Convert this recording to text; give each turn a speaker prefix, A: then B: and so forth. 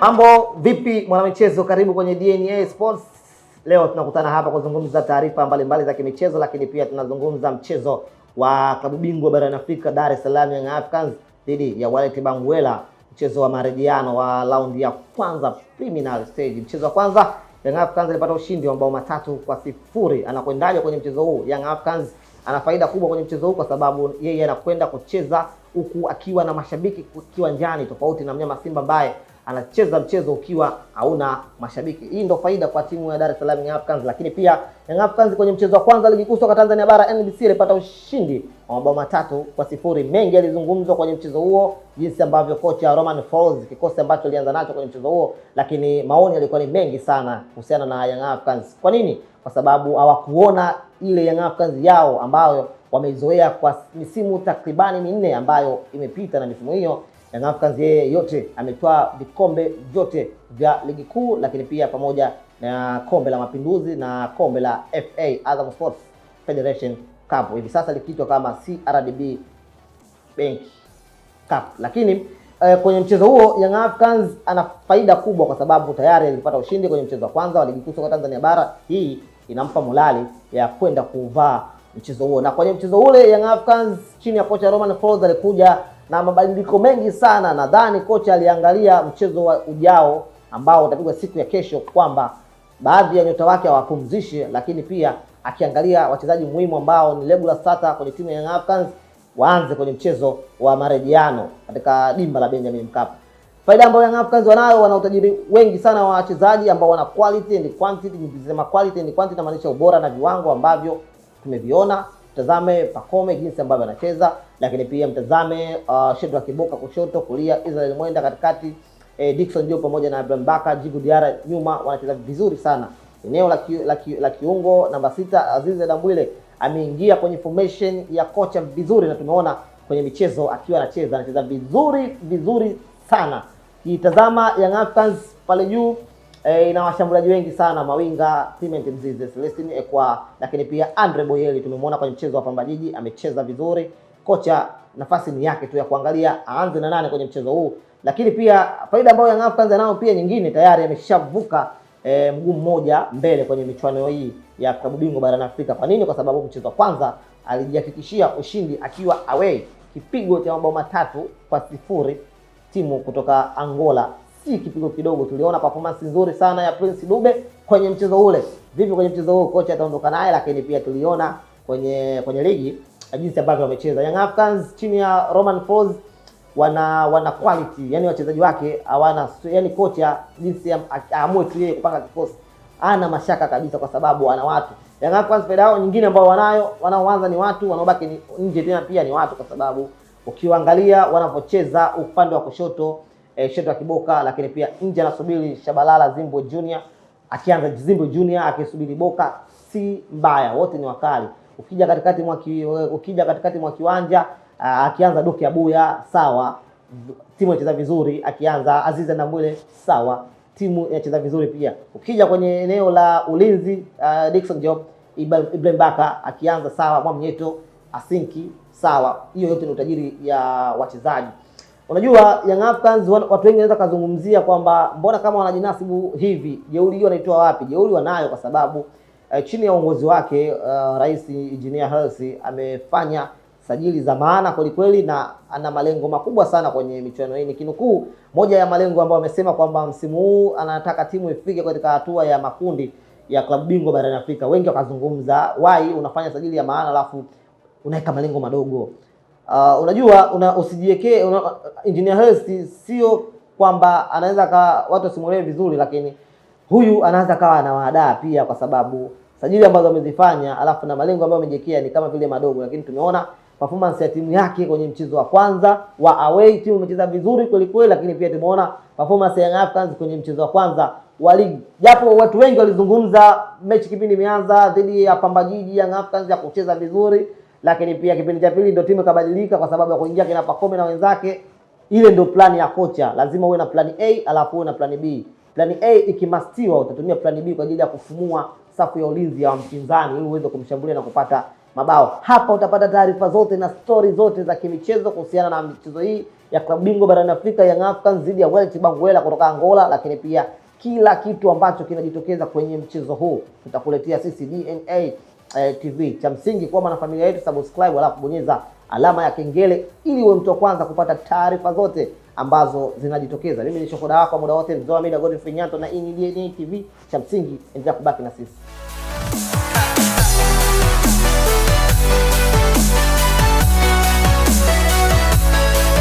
A: Mambo vipi mwanamichezo, karibu kwenye DNA Sports. Leo tunakutana hapa kuzungumza taarifa mbalimbali za kimichezo, lakini pia tunazungumza mchezo wa klabu bingwa barani Afrika, Dar es Salaam Young Africans dhidi ya Walet Banguela, mchezo wa marejiano wa raundi ya kwanza preliminary stage. Mchezo wa kwanza Young Africans alipata ushindi wa mabao matatu kwa sifuri. Anakwendaje kwenye mchezo huu? Young Africans ana faida kubwa kwenye mchezo huu kwa sababu yeye anakwenda kucheza huku akiwa na mashabiki kiwanjani, tofauti na mnyama Simba ambaye anacheza mchezo ukiwa hauna mashabiki. Hii ndio faida kwa timu ya Dar es Salaam Young Africans. Lakini pia Young Africans kwenye mchezo wa kwanza ligi kuu soka Tanzania bara NBC ilipata ushindi wa mabao matatu kwa sifuri. Mengi yalizungumzwa kwenye mchezo huo, jinsi ambavyo kocha Roman Falls, kikosi ambacho alianza nacho kwenye mchezo huo, lakini maoni yalikuwa ni mengi sana kuhusiana na Young Africans. Kwa nini? Kwa sababu hawakuona ile Young Africans yao ambayo wameizoea kwa misimu takribani minne ambayo imepita na misimu hiyo Young Africans yeye yote ametoa vikombe vyote vya ligi kuu, lakini pia pamoja na kombe la mapinduzi na kombe la FA Azam Sports Federation Cup, hivi sasa likiitwa kama CRDB Bank Cup. Lakini eh, kwenye mchezo huo Young Africans ana faida kubwa kwa sababu tayari alipata ushindi kwenye mchezo wa kwanza wa ligi kuu soka Tanzania bara. Hii inampa morali ya kwenda kuvaa mchezo huo, na kwenye mchezo ule Young Africans chini ya kocha Roman Falls alikuja na mabadiliko mengi sana. Nadhani kocha aliangalia mchezo wa ujao ambao utapigwa siku ya kesho, kwamba baadhi ya nyota wake hawapumzishe, lakini pia akiangalia wachezaji muhimu ambao ni regular starter kwenye timu ya Young Africans waanze kwenye mchezo wa marejiano katika dimba la Benjamin Mkapa. Faida ambayo Young Africans wanayo, wana utajiri wengi sana wa wachezaji ambao wana quality and quantity. Nikisema quality and quantity, namaanisha ubora na viwango ambavyo tumeviona mtazame Pacome jinsi ambavyo anacheza, lakini pia mtazame uh, Shedrack Kiboka kushoto, kulia Israel Mwenda katikati, eh, Dickson Job pamoja na Abraham Baka, Jigu Diara nyuma, wanacheza vizuri sana eneo la la, la kiungo namba sita Azize Ndambwile ameingia kwenye formation ya kocha vizuri, na tumeona kwenye michezo akiwa anacheza anacheza vizuri vizuri sana. Kitazama Young Africans pale juu E, ina washambuliaji wengi sana mawinga Clement Mzize, Celestine Ekwa, lakini pia Andre Boyeli tumemwona kwenye mchezo wa Pamba Jiji amecheza vizuri. Kocha nafasi ni yake tu ya kuangalia aanze na nane kwenye mchezo huu, lakini pia faida ambayo Young Africans anao pia nyingine, tayari ameshavuka e, mguu mmoja mbele kwenye michuano hii ya klabu bingwa barani Afrika. Kwa nini? Kwa sababu mchezo wa kwanza alijihakikishia ushindi akiwa away, kipigo cha mabao matatu kwa sifuri timu kutoka Angola si kipigo kidogo. Tuliona performance nzuri sana ya Prince Dube kwenye mchezo ule. Vipi kwenye mchezo huo kocha ataondoka naye, lakini pia tuliona kwenye kwenye ligi jinsi ambavyo wamecheza Young Africans chini ya Roman Folz wana wana quality, yani wachezaji wake hawana, yani kocha jinsi aamue tu yeye kupanga kikosi, ana mashaka kabisa, kwa sababu ana watu Young Africans. Faida yao nyingine ambao wanayo wanaoanza ni watu, wanaobaki nje tena pia ni watu, kwa sababu ukiangalia wanapocheza upande wa kushoto eh, Shedrack Kiboka, lakini pia nje anasubiri Shabalala Zimbo Junior, akianza Zimbo Junior akisubiri Boka, si mbaya, wote ni wakali. Ukija katikati mwa ukija katikati mwa kiwanja akianza Doki Abuya, sawa, timu inacheza vizuri. Akianza Aziza Ndambwile, sawa, timu inacheza vizuri pia. Ukija kwenye eneo la ulinzi uh, Dickson Job, Ibrahim Baka akianza sawa, Mwamnyeto Asinki sawa. Hiyo yote ni utajiri ya wachezaji. Unajua Young Africans watu wengi wanaweza kuzungumzia kwamba mbona kama wanajinasibu hivi, jeuri hiyo wanaitoa wapi? Jeuri wanayo kwa sababu eh, chini ya uongozi wake uh, Rais Engineer Hersi amefanya sajili za maana kweli kweli na ana malengo makubwa sana kwenye michuano hii. Nikinukuu moja ya malengo ambayo amesema kwamba msimu huu anataka timu ifike katika hatua ya makundi ya klabu bingwa barani Afrika. Wengi wakazungumza, why unafanya sajili ya maana alafu unaweka malengo madogo. Uh, unajua una, usijiwekee una, engineer Hersi sio kwamba anaweza kawa watu wasimuelewe vizuri, lakini huyu anaweza kawa anawadaa pia, kwa sababu sajili ambazo amezifanya alafu na malengo ambayo amejekea ni kama vile madogo, lakini tumeona performance ya timu yake kwenye mchezo wa kwanza wa away, timu imecheza vizuri kweli kweli, lakini pia tumeona performance ya Young Africans kwenye mchezo wa kwanza wa ligi, japo watu wengi walizungumza mechi kipindi imeanza dhidi ya Pamba Jiji, Young Africans ya kucheza vizuri lakini pia kipindi cha pili ndio timu ikabadilika kwa sababu ya kuingia kina Pacome na wenzake. Ile ndio plani ya kocha, lazima uwe na plani A alafu uwe na plani B. Plani A ikimastiwa, utatumia plani B kwa ajili ya kufumua safu ya ulinzi ya mpinzani ili uweze kumshambulia na kupata mabao. Hapa utapata taarifa zote na stori zote za kimichezo kuhusiana na michezo hii ya klabu bingwa barani Afrika, Young Africans dhidi ya Welch Banguela kutoka Angola, lakini pia kila kitu ambacho kinajitokeza kwenye mchezo huu tutakuletea sisi DNA eh, TV. Cha msingi kuwa mwanafamilia yetu, subscribe, alafu bonyeza alama ya kengele ili uwe mtu wa kwanza kupata taarifa zote ambazo zinajitokeza. Mimi ni shokoda wako muda wote, Mzoa Mida Godfrey Nyanto na hii ni DNA TV. Cha msingi endelea kubaki na sisi.